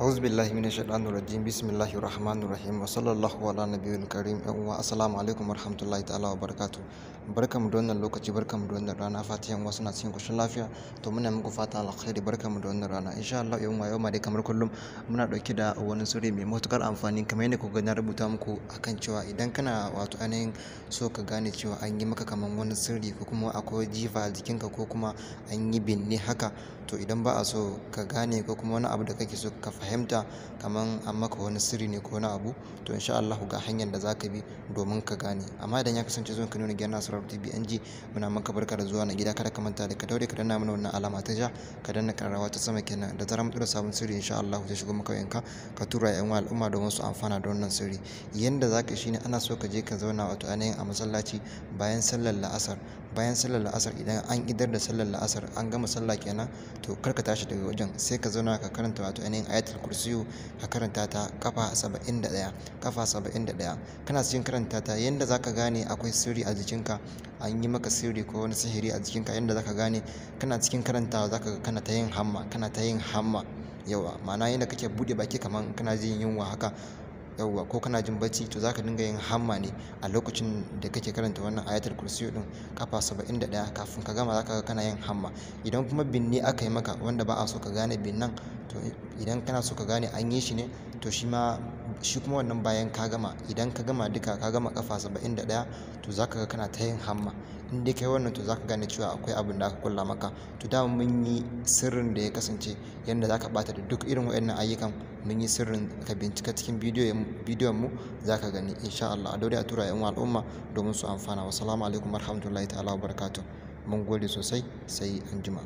أعوذ بالله من الشيطان الرجيم بسم الله الرحمن الرحيم وصلى الله على نبي الكريم أو السلام عليكم ورحمة الله تعالى وبركاته barkamu da lokaci barkamu da wannan rana fatan wasu na cikin koshin lafiya to muna muku fata alkhairi barka mu wannan rana insha Allah yau ma yau kamar kullum muna dauke da wani suri mai matukar amfani kamar yadda kuka na rubuta muku a kan cewa idan kana wato ainihin so ka gane cewa an yi maka kamar wani sirri ko kuma akwai jifa a jikinka ko kuma an binne haka to idan ba a so ka gane ko kuma wani abu da kake so ka fahimta kaman an maka wani sirri ne ko wani abu to insha Allah ga hanyar da zaka bi domin ka gane amma idan ya kasance zuwan ka nuna gidan Nasarar TBNG muna maka barka da zuwa na gida kada ka manta da ka daure ka danna mana wannan alama ta ja ka danna karrawa ta sama kenan da zarar mutura sabon sirri insha Allah zai shigo maka yanka ka tura yan al'umma domin su amfana da wannan sirri yanda zaka shine ana so ka je ka zauna wato ainihin a masallaci bayan sallar la'asar bayan sallar la'asar idan an idar da sallar la'asar an gama sallah kenan to kar ka tashi daga wajen sai ka zauna ka karanta wato ainihin ayatul ayatul kursiyu ka karanta ta kafa 71 kafa 71 kana cikin karanta ta yanda zaka gane akwai sirri a jikinka an yi maka sirri ko wani sihiri a jikinka yanda zaka gane kana cikin karanta zaka kana ta yin hamma kana ta yin hamma yawa ma'ana yanda kake bude baki kaman kana jin yunwa haka yawwa ko kana jin bacci to zaka dinga yin hamma ne a lokacin da kake karanta wannan ayatul kursiyu din kafa 71 kafin ka gama zaka ga kana yin hamma idan kuma binne aka yi maka wanda ba a so ka gane binnan to idan kana so ka gane an yi shi ne to shi ma shi kuma wannan bayan ka gama idan ka gama duka ka gama kafa 71 to zaka ga kana ta yin hamma in dai kai wannan to zaka gane cewa akwai abin da aka kulla maka to da mun yi sirrin da ya kasance yanda zaka bata da duk irin waɗannan ayyukan mun yi sirrin ka bincika cikin bidiyon mu zaka gani insha Allah a daure a tura yan al'umma domin su amfana wa salamu alaikum warahmatullahi ta'ala wabarakatuh mun gode sosai sai anjima